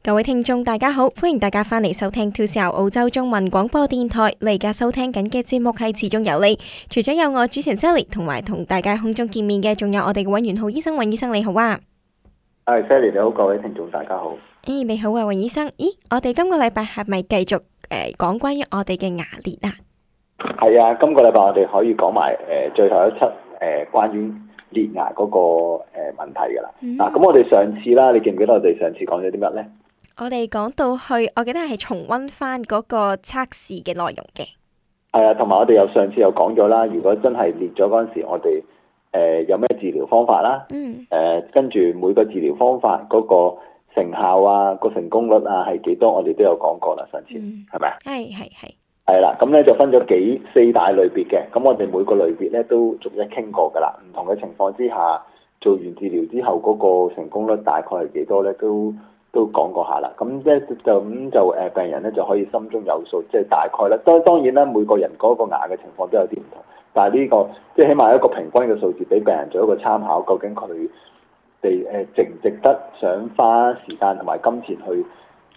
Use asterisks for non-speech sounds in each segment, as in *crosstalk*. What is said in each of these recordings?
各位聽眾大家好，歡迎大家翻嚟收聽 To Sir 澳洲中文廣播電台你而家收聽緊嘅節目係始終有你，除咗有我主持人 Sally 同埋同大家空中見面嘅，仲有我哋嘅尹元晧醫生，尹醫生你好啊！Hi，Sally 你好，各位聽眾大家好。誒你好啊，尹醫生，咦我哋今個禮拜係咪繼續誒講關於我哋嘅牙裂啊？係啊，今個禮拜我哋可以講埋誒最後一出誒關於裂牙嗰個誒問題噶啦。嗱咁，我哋上次啦，你記唔記得我哋上次講咗啲乜咧？我哋講到去，我記得係重温翻嗰個測試嘅內容嘅。係啊，同埋我哋又上次又講咗啦，如果真係裂咗嗰陣時，我哋誒、呃、有咩治療方法啦？嗯。誒、呃，跟住每個治療方法嗰、個成效啊，個成功率啊係幾多，我哋都有講過啦，上次係咪？係係係。係啦吧，咁咧就分咗幾四大類別嘅，咁我哋每個類別咧都逐一傾過噶啦，唔同嘅情況之下，做完治療之後嗰、個成功率大概係幾多咧，都。都講過下啦，咁即就咁就誒病人咧就可以心中有數，即、就、係、是、大概啦。當當然啦，每個人嗰個牙嘅情況都有啲唔同，但係、這、呢個即係起碼一個平均嘅數字，俾病人做一個參考，究竟佢哋誒值唔值得想花時間同埋金錢去誒、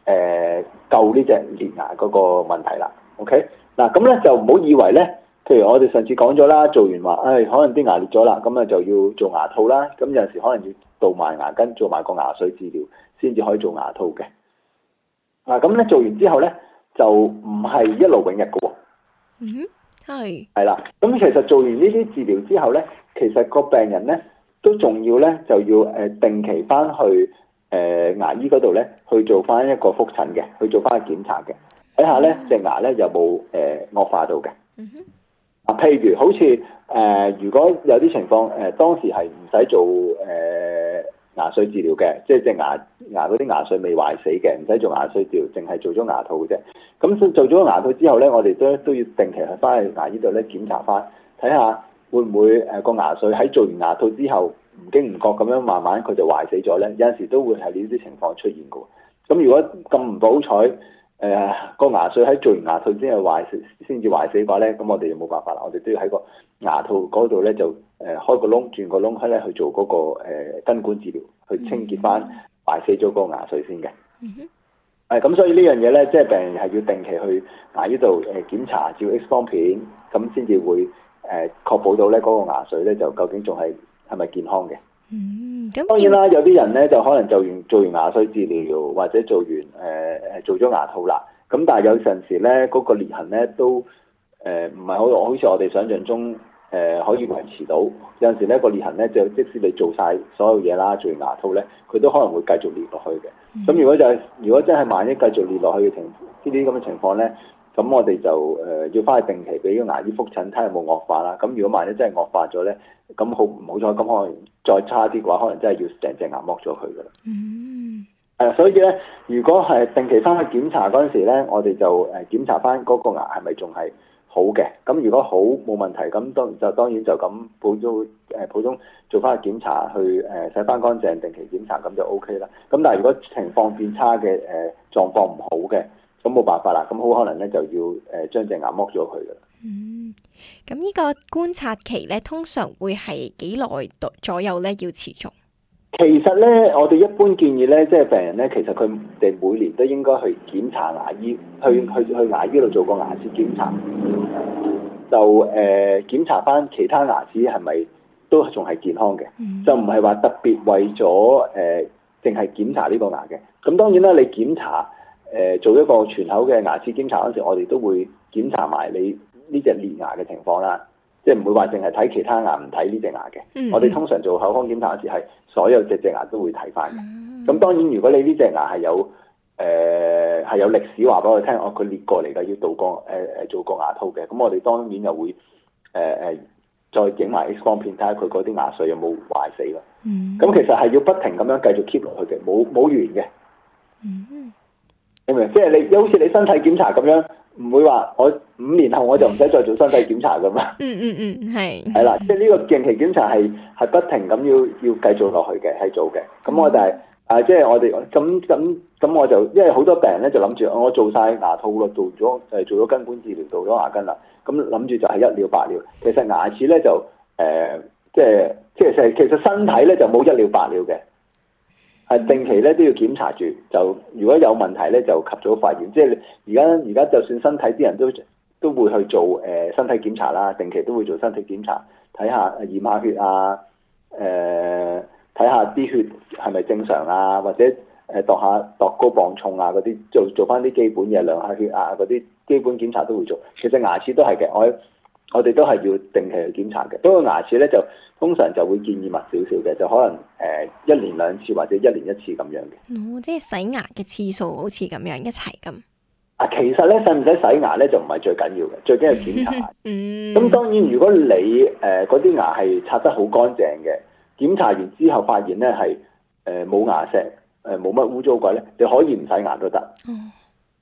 呃、救呢隻裂牙嗰個問題啦。OK，嗱咁咧就唔好以為咧，譬如我哋上次講咗啦，做完話誒、哎、可能啲牙裂咗啦，咁啊就要做牙套啦，咁有陣時可能要。做埋牙根，做埋個牙髓治療，先至可以做牙套嘅。嗱、啊，咁咧做完之後咧，就唔係一勞永逸嘅、哦 mm hmm.。嗯，係。係啦，咁其實做完呢啲治療之後咧，其實個病人咧都仲要咧，就要誒、呃、定期翻去誒、呃、牙醫嗰度咧去做翻一個復診嘅，去做翻個檢查嘅，睇下咧隻牙咧有冇誒惡化到嘅。嗯、mm，啊、hmm.，譬如好似誒、呃，如果有啲情況誒、呃，當時係唔使做誒。呃呃牙髓治療嘅，即係隻牙牙嗰啲牙髓未壞死嘅，唔使做牙髓治療，淨係做咗牙套嘅啫。咁做咗牙套之後咧，我哋都都要定期去翻去牙醫度咧檢查翻，睇下會唔會誒個牙髓喺做完牙套之後，唔經唔覺咁樣慢慢佢就壞死咗咧。有陣時都會係呢啲情況出現㗎。咁如果咁唔好彩，誒、呃個牙髓喺做完牙套先係壞，先至壞死嘅話咧，咁我哋就冇辦法啦。我哋都要喺個牙套嗰度咧就誒、呃、開個窿，鑽個窿開咧去做嗰、嗰個、呃、根管治療，去清潔返壞死咗個牙髓先嘅。誒咁、mm hmm. 呃、所以樣呢樣嘢咧，即係病人係要定期去牙醫度誒檢查，照 X 光片，咁先至會誒、呃、確保到咧嗰、嗰個牙髓咧就究竟仲係係咪健康嘅。嗯，當然啦，有啲人咧就可能做完做完牙髓治療，或者做完誒誒、呃、做咗牙套啦。咁但係有陣時咧，嗰、那個裂痕咧都誒唔係好好似我哋想像中誒、呃、可以維持到。有陣時咧、那個裂痕咧，就即使你做晒所有嘢啦，做完牙套咧，佢都可能會繼續裂落去嘅。咁、嗯、如果就係如果真係萬一繼續裂落去嘅情呢啲咁嘅情況咧，咁我哋就誒、呃、要翻去定期俾個牙醫覆診，睇下有冇惡化啦。咁如果萬一真係惡化咗咧，咁好唔好在咁我。再差啲嘅話，可能真係要成隻牙剝咗佢噶啦。嗯、mm，係、hmm. 啊、所以咧，如果係定期翻去檢查嗰陣時咧，我哋就誒檢查翻嗰個牙係咪仲係好嘅？咁如果好冇問題，咁當就當然就咁普通誒普通做翻去檢查去誒洗翻乾淨，定期檢查咁就 O K 啦。咁但係如果情況變差嘅誒、呃、狀況唔好嘅。咁冇辦法啦，咁好可能咧就要誒將隻牙剝咗佢啦。嗯，咁呢個觀察期咧通常會係幾耐度左右咧要持續？其實咧，我哋一般建議咧，即係病人咧，其實佢哋每年都應該去檢查牙醫，去去去牙醫度做個牙齒檢查，嗯、就誒檢查翻其他牙齒係咪都仲係健康嘅，嗯、就唔係話特別為咗誒淨係檢查呢個牙嘅。咁當然啦，你檢查。誒做一個全口嘅牙齒檢查嗰時，我哋都會檢查埋你呢隻裂牙嘅情況啦。即係唔會話淨係睇其他牙唔睇呢隻牙嘅。Mm hmm. 我哋通常做口腔檢查嗰時係所有隻隻牙都會睇翻嘅。咁、mm hmm. 當然如果你呢隻牙係有誒係、呃、有歷史話俾我聽，哦、啊、佢裂過嚟㗎，要度過誒誒、呃、做過牙套嘅。咁我哋當然又會誒誒、呃、再整埋 X 光片，睇下佢嗰啲牙髓有冇壞死啦。咁、mm hmm. 其實係要不停咁樣繼續 keep 落去嘅，冇冇完嘅。嗯、mm。Hmm. 明唔明？即係你，好似你身體檢查咁樣，唔會話我五年後我就唔使再做身體檢查咁啊、嗯？嗯嗯嗯，係係啦，即係呢個定期檢查係係不停咁要要繼續落去嘅，係做嘅。咁我就係啊，即係我哋咁咁咁，我就因為好多病人咧就諗住我做晒牙套咯，做咗誒做咗根管治療，做咗牙根啦，咁諗住就係一了百了。其實牙齒咧就誒、呃，即係即係其實其實身體咧就冇一了百了嘅。定期咧都要檢查住，就如果有問題咧就及早發現。即係而家而家就算身體啲人都都會去做誒、呃、身體檢查啦，定期都會做身體檢查，睇下驗下血啊，誒、呃、睇下啲血係咪正常啊，或者誒、呃、度下度高磅重啊嗰啲，做做翻啲基本嘅，量下血壓嗰啲基本檢查都會做。其實牙齒都係嘅，我。我哋都係要定期去檢查嘅，不過牙齒咧就通常就會建議密少少嘅，就可能誒、呃、一年兩次或者一年一次咁樣嘅。哦，即係洗牙嘅次數好似咁樣一齊咁。啊，其實咧使唔使洗牙咧就唔係最緊要嘅，最緊要檢查。嗯。咁當然，如果你誒嗰啲牙係刷得好乾淨嘅，檢查完之後發現咧係誒冇牙石，誒冇乜污糟鬼咧，你可以唔洗牙都得。嗯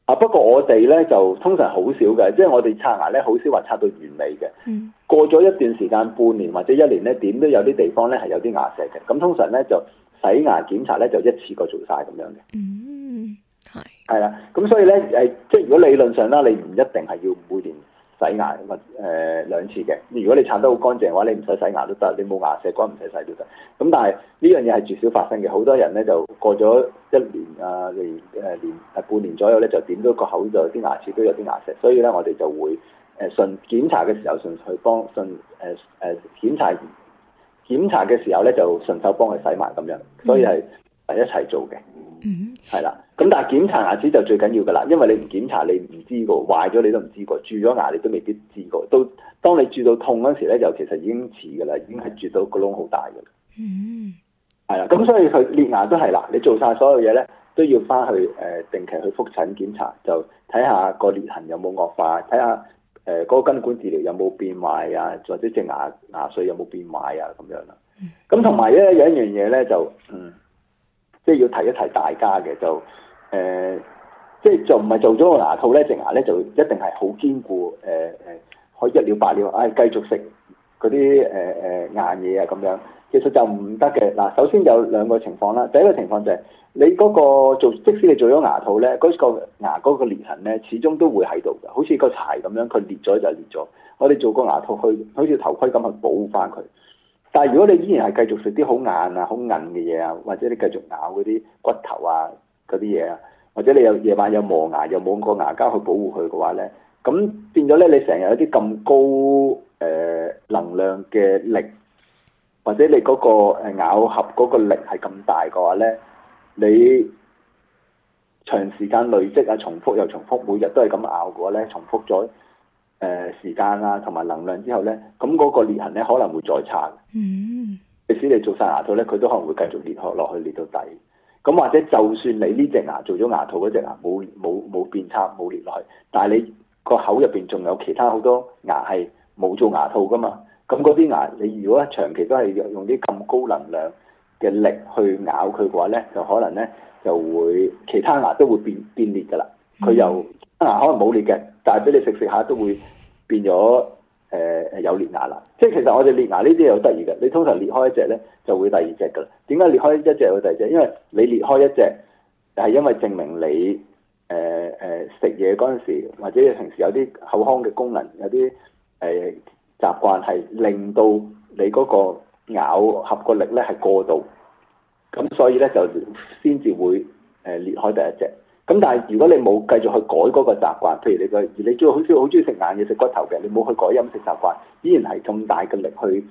啊！不過我哋咧就通常好少嘅，即係我哋刷牙咧好少話刷到完美嘅。嗯。過咗一段時間，半年或者一年咧，點都有啲地方咧係有啲牙石嘅。咁通常咧就洗牙檢查咧就一次過做晒咁樣嘅。嗯，係。係啦，咁所以咧誒，即係如果理論上啦，你唔一定係要每年。洗牙咁啊，誒、呃、兩次嘅。如果你刷得好乾淨嘅話，你唔使洗牙都得，你冇牙石，乾唔使洗都得。咁、嗯、但係呢樣嘢係絕少發生嘅，好多人咧就過咗一年啊，誒年誒、啊啊、半年左右咧，就點到個口度有啲牙齒都有啲牙石，所以咧我哋就會誒、呃、順檢查嘅時候順去幫順誒誒、呃、檢查檢查嘅時候咧就順手幫佢洗埋咁樣，所以係。嗯。係一齊做嘅，係啦，咁但係檢查牙齒就最緊要噶啦，因為你唔檢查你，你唔知個壞咗，你都唔知個蛀咗牙，你都未必知個，都當你蛀到痛嗰時咧，就其實已經遲噶啦，已經係蛀到個窿好大噶啦。嗯的，係啦，咁所以佢裂牙都係啦，你做晒所有嘢咧，都要翻去誒定期去復診檢查，就睇下個裂痕有冇惡化，睇下誒嗰個根管治療有冇變壞啊，或者隻牙牙髓有冇變壞啊，咁樣啦。咁同埋咧有一樣嘢咧就。即係要提一提大家嘅，就誒、呃，即係就唔係做咗個牙套咧，隻牙咧就一定係好堅固，誒、呃、誒，可以一了百了，唉、哎，繼續食嗰啲誒誒硬嘢啊咁樣，其實就唔得嘅。嗱，首先有兩個情況啦，第一個情況就係、是、你嗰、那個做，即使你做咗牙套咧，嗰、那個牙嗰個裂痕咧，始終都會喺度嘅，好似個柴咁樣，佢裂咗就裂咗。我哋做個牙套去，好似頭盔咁去保護返佢。但係如果你依然係繼續食啲好硬啊、好硬嘅嘢啊，或者你繼續咬嗰啲骨頭啊、嗰啲嘢啊，或者你有夜晚有磨牙又冇用過牙膠去保護佢嘅話咧，咁變咗咧你成日有啲咁高誒、呃、能量嘅力，或者你嗰個咬合嗰個力係咁大嘅話咧，你長時間累積啊、重複又重複，每日都係咁咬嘅話咧，重複咗。誒、呃、時間啦、啊，同埋能量之後咧，咁嗰個裂痕咧可能會再差。嗯、mm。Hmm. 即使你做晒牙套咧，佢都可能會繼續裂開落去裂到底。咁或者就算你呢隻牙做咗牙套，嗰隻牙冇冇冇變差冇裂落去，但係你個口入邊仲有其他好多牙係冇做牙套㗎嘛。咁嗰啲牙你如果長期都係用啲咁高能量嘅力去咬佢嘅話咧，就可能咧就會其他牙都會變變裂㗎啦。佢又。Mm hmm. 嗱、啊，可能冇裂嘅，但係俾你食食下都會變咗誒誒有裂牙啦。即係其實我哋裂牙呢啲有得意嘅，你通常裂開一隻咧就會第二隻噶。點解裂開一隻會第二隻？因為你裂開一隻係因為證明你誒誒、呃呃、食嘢嗰陣時，或者你平時有啲口腔嘅功能，有啲誒、呃、習慣係令到你嗰個咬合個力咧係過度，咁所以咧就先至會誒裂開第一隻。咁但係如果你冇繼續去改嗰個習慣，譬如你個你最好少好中意食硬嘢、食骨頭嘅，你冇去改飲食習慣，依然係咁大嘅力去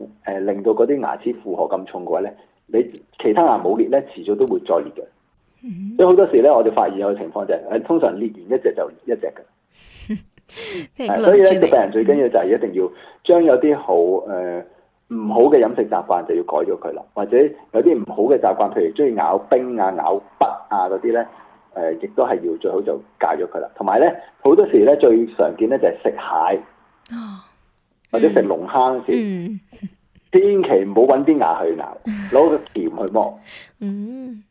誒、呃、令到嗰啲牙齒負荷咁重嘅話咧，你其他牙冇裂咧，遲早都會再裂嘅。所以好多時咧，我哋發現有個情況就係、是，誒通常裂完一隻就一隻㗎、 *laughs* 啊。所以咧，個病人最緊要就係一定要將有啲好誒唔、呃、好嘅飲食習慣就要改咗佢啦，或者有啲唔好嘅習慣，譬如中意咬冰啊、咬筆啊嗰啲咧。誒，亦都係要最好就戒咗佢啦。同埋咧，好多時咧，最常見咧就係食蟹，或者食龍蝦嗰時，千祈唔好搵啲牙去咬，攞個鉗去剝。嗯，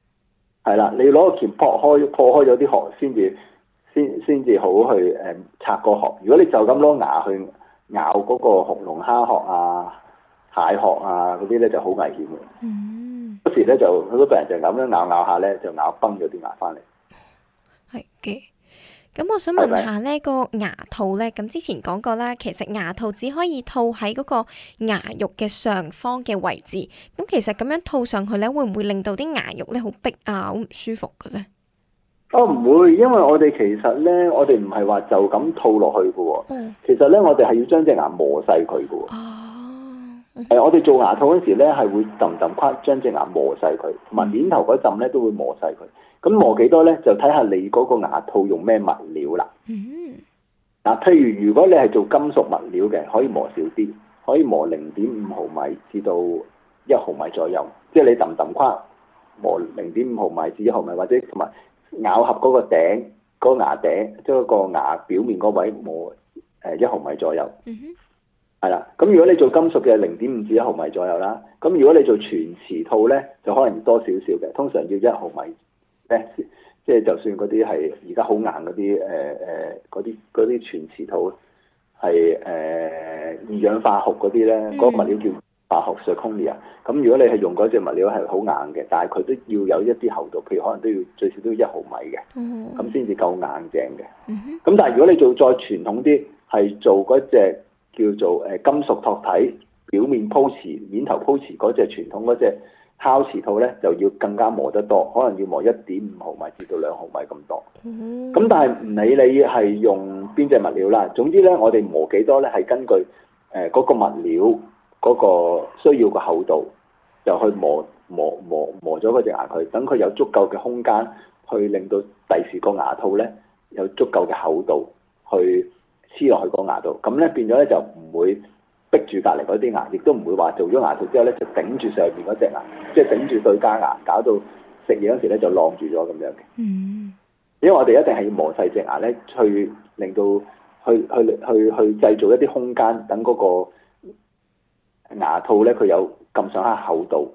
係啦，你攞個鉗破開破開咗啲殼，先至先先至好去誒拆個殼。如果你就咁攞牙去咬嗰個紅龍蝦殼啊、蟹殼啊嗰啲咧，就好危險嘅。嗯，嗰時咧就好多病人就咁樣咬咬下咧，就咬崩咗啲牙翻嚟。咁我想問下呢個牙套呢。咁之前講過啦，其實牙套只可以套喺嗰個牙肉嘅上方嘅位置。咁其實咁樣套上去呢，會唔會令到啲牙肉呢好逼啊，好唔舒服嘅咧？哦，唔會，因為我哋其實呢，我哋唔係話就咁套落去嘅。嗯。其實呢，我哋係要將隻牙磨細佢嘅。哦。呃，我哋做牙套嗰時呢，係會浸浸框將隻牙磨細佢，同埋面頭嗰陣咧都會磨細佢。咁磨幾多咧？就睇下你嗰個牙套用咩物料啦。嗱，譬如如果你係做金屬物料嘅，可以磨少啲，可以磨零點五毫米至到一毫米左右。即係你揼揼框磨零點五毫米至一毫米，或者同埋咬合嗰個頂嗰牙頂，即係個牙表面嗰位磨誒一毫米左右。嗯，係啦。咁如果你做金屬嘅，零點五至一毫米左右啦。咁如果你做全瓷套咧，就可能多少少嘅，通常要一毫米。即係就算嗰啲係而家好硬嗰啲，誒誒嗰啲啲全瓷套，係、呃、誒二氧化鋯嗰啲咧，嗰、mm hmm. 物料叫 zirconia，咁如果你係用嗰隻物料係好硬嘅，但係佢都要有一啲厚度，譬如可能都要最少都要一毫米嘅，咁先至夠硬正嘅。咁但係如果你做再傳統啲，係做嗰隻叫做誒金屬托體表面鋪瓷、面頭鋪瓷嗰隻傳統嗰隻。烤瓷套咧就要更加磨得多，可能要磨一點五毫米至到兩毫米咁多。咁、mm hmm. 嗯、但係唔理你係用邊隻物料啦，總之咧我哋磨幾多咧係根據誒嗰、呃嗰個物料嗰、嗰個需要個厚度，就去磨磨磨磨咗嗰隻牙佢，等佢有足夠嘅空間去令到第時個牙套咧有足夠嘅厚度去黐落去個牙度，咁咧變咗咧就唔會。逼住隔離嗰啲牙，亦都唔會話做咗牙套之後咧，就頂住上面嗰隻牙，即係頂住對家牙，搞到食嘢嗰時咧就晾住咗咁樣嘅。嗯，因為我哋一定係要磨細隻牙咧，去令到去去去去，去製造一啲空間，等嗰個牙套咧佢有咁上下厚度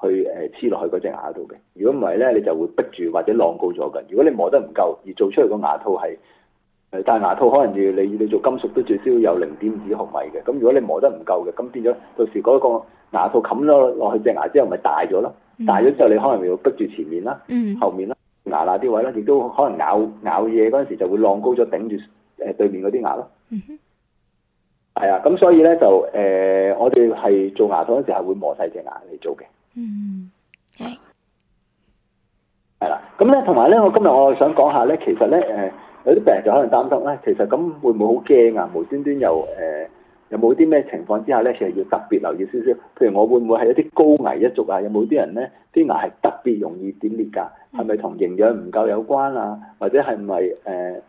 去誒黐落去嗰隻牙度嘅。如果唔係咧，你就會逼住或者晾高咗㗎。如果你磨得唔夠，而做出嚟個牙套係。誒，但係牙套可能要你你做金屬都最少有零點幾毫米嘅，咁如果你磨得唔夠嘅，咁變咗到時嗰個牙套冚咗落去隻牙之後，咪、嗯、大咗咯，大咗之後你可能要逼住前面啦，嗯、後面啦，牙罅啲位啦，亦都可能咬咬嘢嗰陣時就會浪高咗頂住誒對面嗰啲牙咯。嗯，係啊，咁所以咧就誒、呃，我哋係做牙套嗰陣時係會磨晒隻牙嚟做嘅。嗯，係。係啦，咁咧同埋咧，我今日我想講下咧，其實咧誒。有啲病人就可能擔心咧、哎，其實咁會唔會好驚啊？無端端又誒、呃，有冇啲咩情況之下咧，其實要特別留意少少。譬如我會唔會係一啲高危一族啊？有冇啲人咧，啲牙係特別容易點裂㗎？係咪同營養唔夠有關啊？或者係咪誒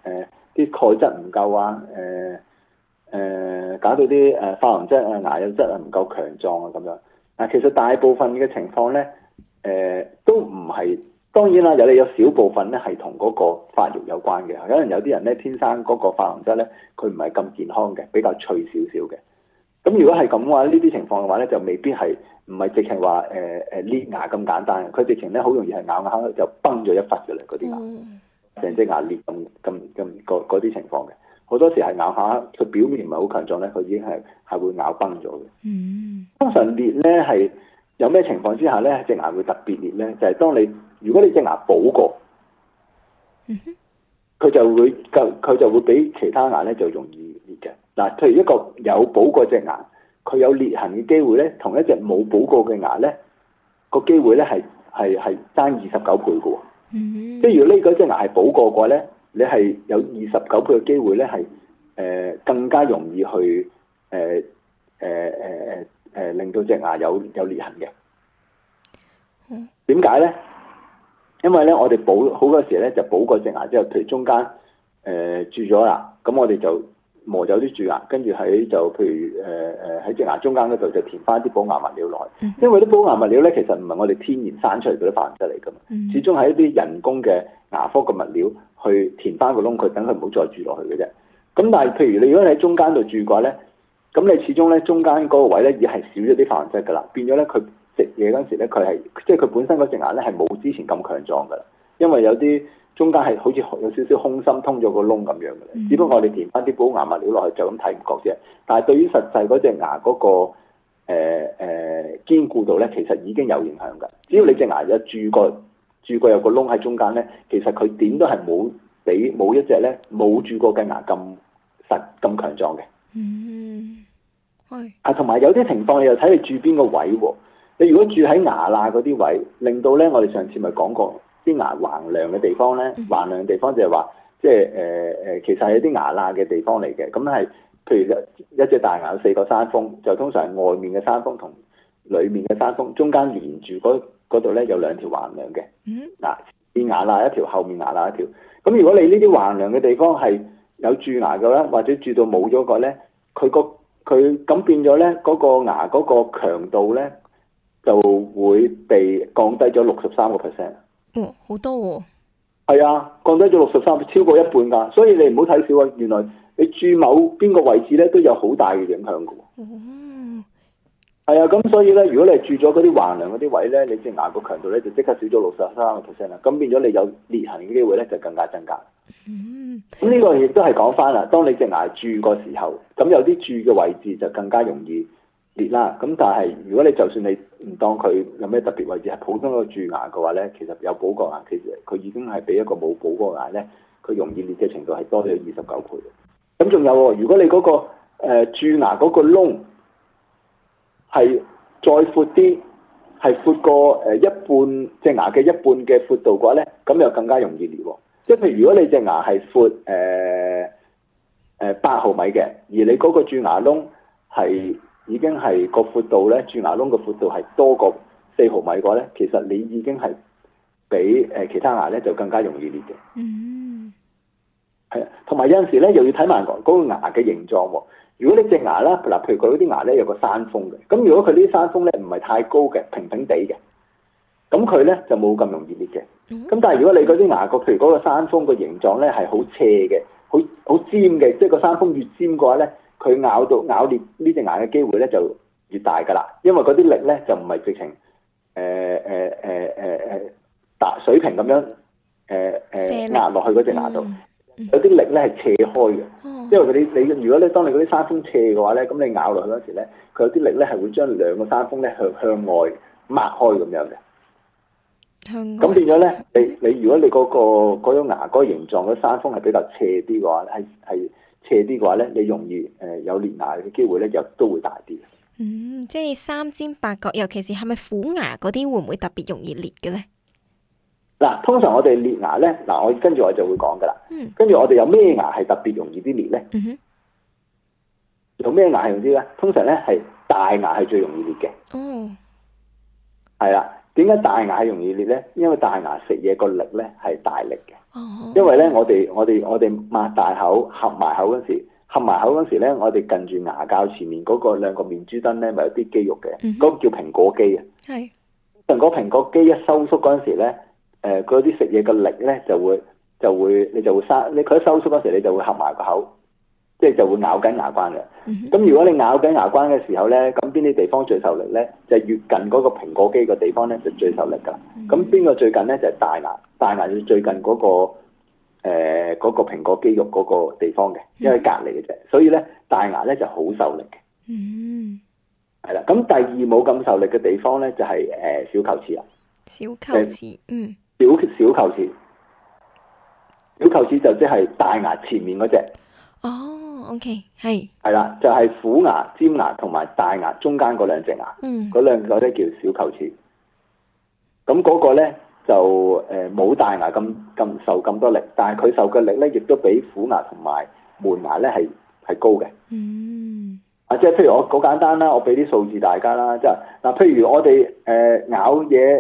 誒啲鈣質唔夠啊？誒、呃、誒、呃、搞到啲誒、呃、琺瑯質啊、牙釉質啊唔夠強壯啊咁樣？啊，其實大部分嘅情況咧，誒、呃、都唔係。當然啦，有你有少部分咧係同嗰個發育有關嘅，可能有啲人咧天生嗰個發育質咧，佢唔係咁健康嘅，比較脆少少嘅。咁如果係咁嘅話，呢啲情況嘅話咧，就未必係唔係直情話誒誒裂牙咁簡單，佢直情咧好容易係咬下就崩咗一忽嘅啦，嗰啲牙，成隻牙裂咁咁咁嗰啲情況嘅。好多時係咬下佢表面唔係好強壯咧，佢已經係係會咬崩咗嘅。通常裂咧係有咩情況之下咧，隻牙會特別裂咧，就係當你。如果你隻牙補過，佢就會佢佢就會比其他牙咧就容易裂嘅。嗱，譬如一個有補過隻牙，佢有裂痕嘅機會咧，同一隻冇補過嘅牙咧，個機會咧係係係爭二十九倍嘅喎。嗯、哼即係如果呢個隻牙係補過嘅話咧，你係有二十九倍嘅機會咧係誒更加容易去誒誒誒誒誒令到隻牙有有裂痕嘅。點解咧？因為咧，我哋補好多時咧就補個隻牙之後，譬如中間誒蛀咗啦，咁、呃、我哋就磨走啲蛀牙，跟住喺就譬如誒誒喺隻牙中間嗰度就填翻啲補牙物料落去。因為啲補牙物料咧其實唔係我哋天然生出嚟嗰啲化學質嚟噶嘛，始終係一啲人工嘅牙科嘅物料去填翻個窿佢，等佢唔好再蛀落去嘅啫。咁但係譬如你如果你喺中間度蛀嘅話咧，咁你始終咧中間嗰個位咧已係少咗啲化學質噶啦，變咗咧佢。食嘢嗰陣時咧，佢係即係佢本身嗰隻牙咧係冇之前咁強壯噶啦，因為有啲中間係好似有少少空心通、通咗個窿咁樣嘅。只不過我哋填翻啲補牙物料落去就咁睇唔覺啫。但係對於實際嗰隻牙嗰、嗰個誒誒、呃呃、堅固度咧，其實已經有影響㗎。只要你隻牙有蛀過、蛀過有個窿喺中間咧，其實佢點都係冇比冇一隻咧冇蛀過嘅牙咁實、咁強壯嘅。嗯，係。啊，同埋有啲情況你又睇你蛀邊個位喎。你如果住喺牙罅嗰啲位，令到咧，我哋上次咪講過啲牙橫梁嘅地方咧，橫梁嘅地方就係話，即係誒誒，其實係啲牙罅嘅地方嚟嘅。咁係譬如一隻大牙有四個山峰，就通常係外面嘅山峰同裡面嘅山峰，中間連住嗰度咧，有兩條橫梁嘅。嗯，嗱前牙罅一條，後面牙罅一條。咁如果你呢啲橫梁嘅地方係有蛀牙嘅咧，或者住到冇咗個咧，佢個佢咁變咗咧，嗰個牙嗰個強度咧，就會被降低咗六十三個 percent，哦，好多喎，哦，係啊，降低咗六十三，超過一半噶，所以你唔好睇少啊，原來你住某邊個位置咧都有好大嘅影響噶，嗯，哦，係啊，咁所以咧，如果你係住咗嗰啲橫梁嗰啲位咧，你隻牙個強度咧就即刻少咗六十三個 percent 啦，咁變咗你有裂痕嘅機會咧就更加增加，嗯，咁呢個亦都係講翻啦，當你隻牙住個時候，咁有啲住嘅位置就更加容易。裂啦，咁、嗯、但係如果你就算你唔當佢有咩特別位置，係普通個蛀牙嘅話咧，其實有補過牙，其實佢已經係比一個冇補過牙咧，佢容易裂嘅程度係多咗二十九倍。咁、嗯、仲有、哦，如果你嗰、嗰個蛀牙嗰個窿係再闊啲，係闊過誒、呃、一半隻牙嘅一半嘅闊度嘅話咧，咁就更加容易裂、哦。即係譬如果你隻牙係闊誒誒八毫米嘅，而你嗰個蛀牙窿係，已經係個闊度咧，蛀牙窿個闊度係多過四毫米嘅話咧，其實你已經係比誒其他牙咧就更加容易裂嘅。嗯、mm，係、hmm. 啊，同埋有陣時咧，又要睇埋嗰個牙嘅形狀喎、哦。如果你隻牙啦，嗱，譬如佢嗰啲牙咧有個山峰嘅，咁如果佢啲山峰咧唔係太高嘅，平平地嘅，咁佢咧就冇咁容易裂嘅。咁但係如果你嗰啲牙角，譬如嗰個山峰個形狀咧係好斜嘅，好好尖嘅，即、就、係、是、個山峰越尖嘅話咧。佢咬到咬裂呢隻牙嘅機會咧就越大㗎啦，因為嗰啲力咧就唔係直情誒誒誒誒誒打水平咁樣誒誒壓落去嗰隻牙度，嗯嗯、有啲力咧係斜開嘅，嗯、因為啲你，你如果咧當你嗰啲山峰斜嘅話咧，咁你咬落去嗰時咧，佢有啲力咧係會將兩個山峰咧向向外擘開咁樣嘅。咁外變咗咧，你你，你如果你嗰、嗰個嗰種牙嗰、嗰個、形狀嗰山峰係比較斜啲嘅話，係係。斜啲嘅話咧，你容易誒有裂牙嘅機會咧，又都會大啲。嗯，即係三尖八角，尤其是係咪虎牙嗰啲，會唔會特別容易裂嘅咧？嗱，通常我哋裂牙咧，嗱，我跟住我就會講噶啦。嗯。跟住我哋有咩牙係特別容易啲裂咧？嗯哼。有咩牙係用啲咧？通常咧係大牙係最容易裂嘅。哦。係啦。咧，大牙容易裂咧，因為大牙食嘢個力咧係大力嘅。Oh. 因為咧，我哋我哋我哋擘大口合埋口嗰時，合埋口嗰時咧，我哋近住牙較前面嗰個兩個面珠墩咧，咪、就是、有啲肌肉嘅，嗰、mm hmm. 個叫蘋果肌啊。係是，嗰蘋果肌一收縮嗰時咧，誒嗰啲食嘢個力咧就會就會你就會生，你佢一收縮嗰時你就會合埋個口。即係就會咬緊牙關嘅。咁、嗯、如果你咬緊牙關嘅時候咧，咁邊啲地方最受力咧？就係、越近嗰個蘋果肌個地方咧，就最受力噶。咁邊、嗯、個最近咧？就係、大牙，大牙最最近嗰、那個誒嗰、呃那個蘋果肌肉嗰個地方嘅，因為隔籬嘅啫。嗯、所以咧，大牙咧就好受力嘅。嗯，係啦。咁第二冇咁受力嘅地方咧，就係誒小臼齒啦。小臼齒，嗯。小小臼齒，小臼齒就即係大牙前面嗰隻。哦。O K，係係啦，就係、是、虎牙、尖牙同埋大牙中間嗰兩隻牙，嗰、嗯、兩隻咧叫小臼齒。咁嗰個咧就誒冇、呃、大牙咁咁受咁多力，但係佢受嘅力咧，亦都比虎牙同埋門牙咧係係高嘅。嗯，啊，即係譬如我好簡單啦，我俾啲數字大家啦，即係嗱，譬如我哋誒、呃、咬嘢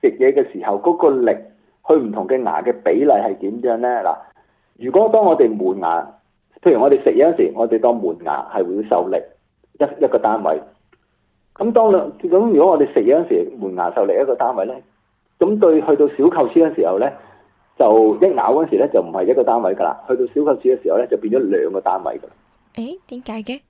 食嘢嘅時候，嗰、那個力去唔同嘅牙嘅比例係點樣咧？嗱，如果當我哋門牙。譬如我哋食嘢嗰時，我哋當門牙係會受力一一個單位。咁當兩咁，如果我哋食嘢嗰時，門牙受力一個單位咧，咁對去到小臼齒嘅時候咧，就一咬嗰時咧就唔係一個單位噶啦。去到小臼齒嘅時候咧，就變咗兩個單位噶啦。誒、欸，點解嘅？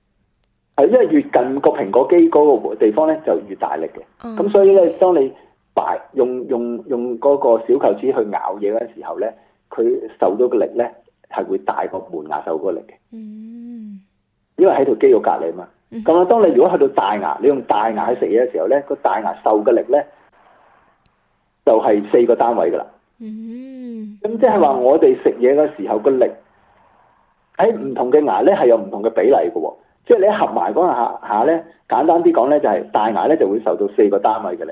係因為越近個蘋果肌嗰個地方咧，就越大力嘅。咁、嗯、所以咧，當你擺用用用嗰個小臼齒去咬嘢嗰時候咧，佢受到嘅力咧。係會大過門牙受過力嘅，因為喺度肌肉隔離嘛。咁啊，當你如果去到大牙，你用大牙去食嘢嘅時候咧，個大牙受嘅力咧就係、是、四個單位噶啦。咁即係話我哋食嘢嘅時候個力喺唔同嘅牙咧係有唔同嘅比例噶，即係你合埋嗰下下咧，簡單啲講咧就係大牙咧就會受到四個單位嘅力，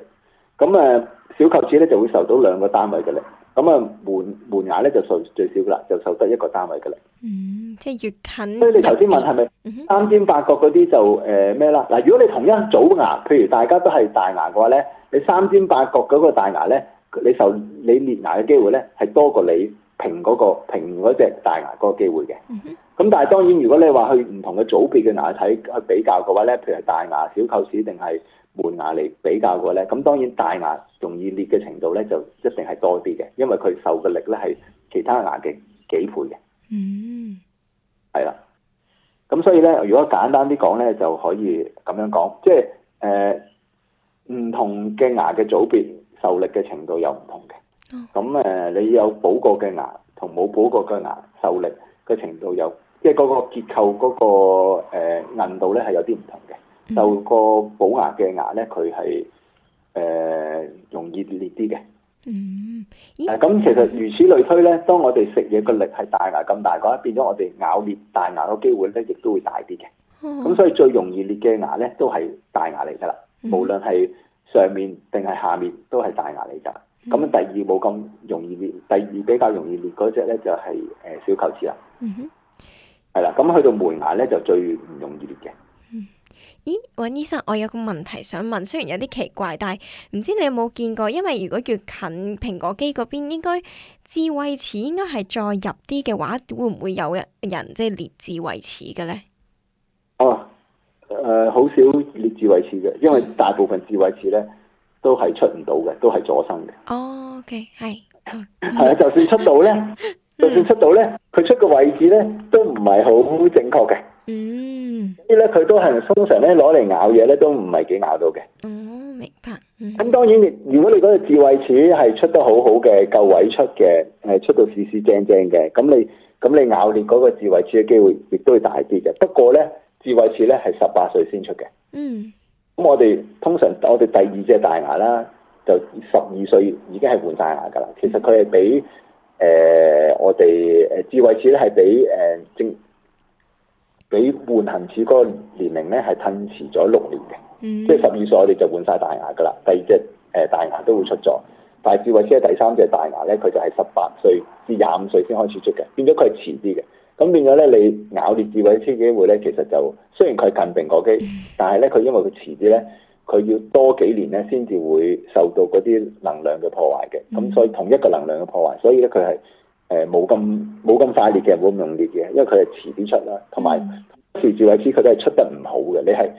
咁啊小臼齒咧就會受到兩個單位嘅力。咁啊，門門牙咧就受最少噶啦，就受得一個單位噶啦。嗯，即係越近。所以你頭先問係咪三尖八角嗰啲就誒咩啦？嗱、呃，如果你同一組牙，譬如大家都係大牙嘅話咧，你三尖八角嗰個大牙咧，你受你裂牙嘅機會咧係多過你平嗰、嗰個平嗰隻大牙嗰個機會嘅。咁、嗯、哼但係當然，如果你話去唔同嘅組別嘅牙體去比較嘅話咧，譬如係大牙、小臼齒定係。門牙嚟比較過咧，咁當然大牙容易裂嘅程度咧就一定係多啲嘅，因為佢受嘅力咧係其他牙嘅幾倍嘅。嗯，係啦。咁所以咧，如果簡單啲講咧，就可以咁樣講，即係誒唔同嘅牙嘅組別受力嘅程度又唔同嘅。咁誒、哦，你有補過嘅牙同冇補過嘅牙受力嘅程度又，即係嗰個結構嗰個、呃、硬度咧係有啲唔同嘅。就個補牙嘅牙咧，佢係誒容易裂啲嘅。嗯，咁、啊、其實如此類推咧，當我哋食嘢個力係大牙咁大嘅話，變咗我哋咬裂大牙嘅機會咧，亦都會大啲嘅。咁、嗯、所以最容易裂嘅牙咧，都係大牙嚟噶啦。嗯、無論係上面定係下面，都係大牙嚟噶。咁、嗯、第二冇咁容易裂，第二比較容易裂嗰隻咧，就係、是、誒、呃、小球齒小臼齒啦。嗯，係啦，咁去到門牙咧，就最唔容易裂嘅。咦，尹醫生，我有個問題想問，雖然有啲奇怪，但係唔知你有冇見過？因為如果越近蘋果機嗰邊，應該智慧齒應該係再入啲嘅話，會唔會有人即係裂智慧齒嘅咧？哦、啊，誒、呃，好少裂智慧齒嘅，因為大部分智慧齒咧都係出唔到嘅，都係阻生嘅。哦 O K，係。係啊，就算出到咧，嗯、就算出到咧，佢出個位置咧都唔係好正確嘅。嗯，所以咧佢都係通常咧攞嚟咬嘢咧都唔係幾咬到嘅。嗯，明白。咁、嗯、當然，如果你嗰個智慧齒係出得好好嘅，夠位出嘅，誒出到四四正正嘅，咁你咁你咬裂嗰個智慧齒嘅機會亦都會大啲嘅。不過咧，智慧齒咧係十八歲先出嘅。嗯。咁我哋通常我哋第二隻大牙啦，就十二歲已經係換晒牙噶啦。嗯、其實佢係比誒、呃、我哋誒智慧齒咧係比誒正。俾換恆齒嗰個年齡咧，係褪遲咗六年嘅，嗯、即係十二歲我哋就換晒大牙噶啦。第二隻誒大牙都會出咗，但智慧齒係第三隻大牙咧，佢就係十八歲至廿五歲先開始出嘅，變咗佢係遲啲嘅。咁變咗咧，你咬裂智慧齒機會咧，其實就雖然佢係近病果期，但係咧佢因為佢遲啲咧，佢要多幾年咧先至會受到嗰啲能量嘅破壞嘅。咁、嗯、所以同一個能量嘅破壞，所以咧佢係。誒冇咁冇咁快裂嘅，冇咁容易裂嘅，因為佢係遲啲出啦，同埋時智齒佢都係出得唔好嘅。你係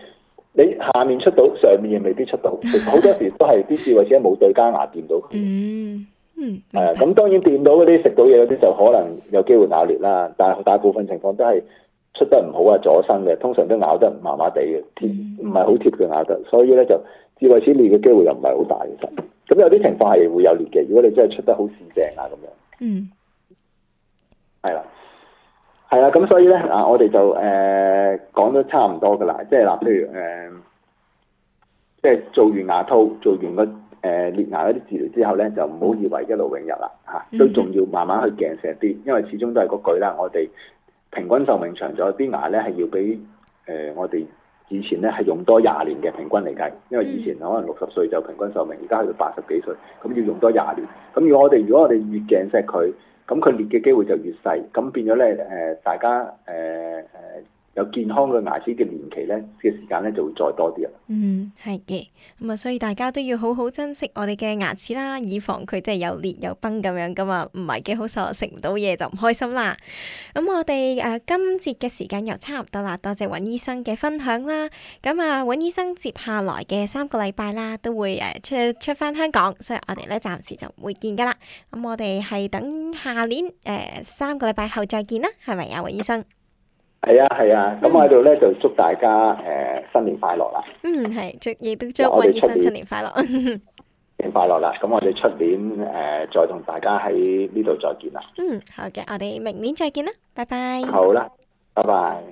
你下面出到，上面未必出到，好多時都係啲智齒冇對加牙掂到。佢、 *laughs* 嗯。嗯，係啊，咁當然掂到嗰啲食到嘢嗰啲就可能有機會咬裂啦，但係大部分情況都係出得唔好啊，阻生嘅，通常都咬得麻麻地嘅，貼唔係好貼嘅咬得，所以咧就智齒裂嘅機會又唔係好大嘅。其實咁有啲情況係會有裂嘅，如果你真係出得好四正啊咁樣。嗯。係啦，係啦，咁所以咧啊，我哋就誒、呃、講得差唔多噶啦，即係嗱，譬如誒，即、呃、係、就是、做完牙套、做完、那個誒、呃、裂牙嗰啲治療之後咧，就唔好以為一路永逸啦，嚇、啊，都仲要慢慢去矽石啲，因為始終都係嗰句啦，我哋平均壽命長咗，啲牙咧係要比誒、呃、我哋以前咧係用多廿年嘅平均嚟計，因為以前可能六十歲就平均壽命，而家去到八十幾歲，咁要用多廿年，咁如果我哋如果我哋越矽石佢，咁佢裂嘅機會就越細，咁變咗咧誒，大家誒。呃健康嘅牙齒嘅年期咧嘅時間咧就會再多啲啊。嗯，係嘅。咁啊，所以大家都要好好珍惜我哋嘅牙齒啦，以防佢即係又裂又崩咁樣噶啊，唔係幾好受，食唔到嘢就唔開心啦。咁我哋誒今節嘅時間又差唔多啦，多謝尹醫生嘅分享啦。咁啊，尹醫生接下來嘅三個禮拜啦，都會誒出出翻香港，所以我哋咧暫時就唔會見㗎啦。咁我哋係等下年誒、呃、三個禮拜後再見啦，係咪啊，尹醫生？係啊係啊，咁我喺度咧就祝大家誒新年快樂啦！嗯，係，祝，亦都祝尹醫生新年快樂， *laughs* 新年快樂啦！咁我哋出年誒再同大家喺呢度再見啦！嗯，好嘅，我哋明年再見啦，拜拜！好啦，拜拜。